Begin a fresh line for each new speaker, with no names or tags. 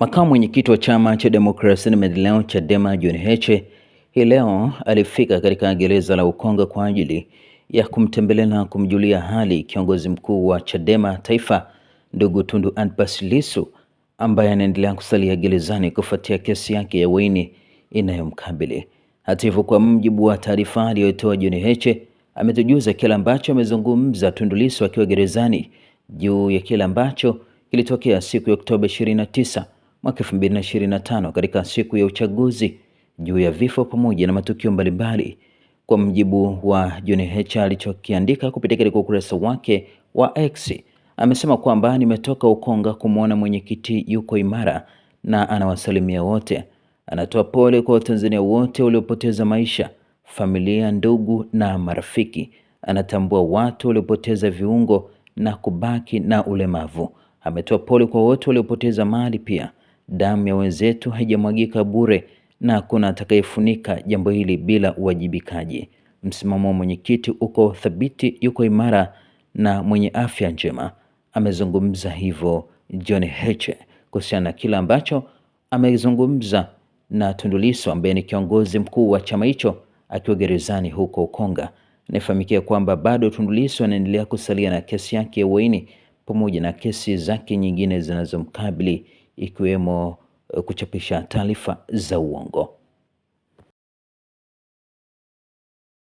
Makamu mwenyekiti wa chama cha demokrasia na maendeleo Chadema John Heche hii leo alifika katika gereza la Ukonga kwa ajili ya kumtembelea na kumjulia hali kiongozi mkuu wa Chadema taifa ndugu Tundu Antipas Lissu ambaye anaendelea kusalia gerezani kufuatia kesi yake ya uhaini inayomkabili. Hata hivyo, kwa mjibu wa taarifa aliyotoa John Heche, ametujuza kile ambacho amezungumza Tundu Lissu akiwa gerezani juu ya kile ambacho kilitokea siku ya Oktoba 29 mwaka 2025 katika siku ya uchaguzi juu ya vifo pamoja na matukio mbalimbali, kwa mjibu wa John Heche alichokiandika kupitia katika ukurasa wake wa X. Amesema kwamba nimetoka Ukonga kumwona mwenyekiti yuko imara na anawasalimia wote. Anatoa pole kwa Watanzania wote waliopoteza maisha, familia, ndugu na marafiki. Anatambua watu waliopoteza viungo na kubaki na ulemavu. Ametoa pole kwa wote waliopoteza mali pia. Damu ya wenzetu haijamwagika bure na hakuna atakayefunika jambo hili bila uwajibikaji. Msimamo wa mwenyekiti uko thabiti, yuko imara na mwenye afya njema. Amezungumza hivyo John Heche kuhusiana na kile ambacho amezungumza na Tundu Lissu ambaye ni kiongozi mkuu wa chama hicho akiwa gerezani huko Ukonga. Nafahamikia kwamba bado Tundu Lissu anaendelea kusalia na kesi yake ya uhaini pamoja na kesi zake nyingine zinazomkabili ikiwemo eh, kuchapisha taarifa za uongo.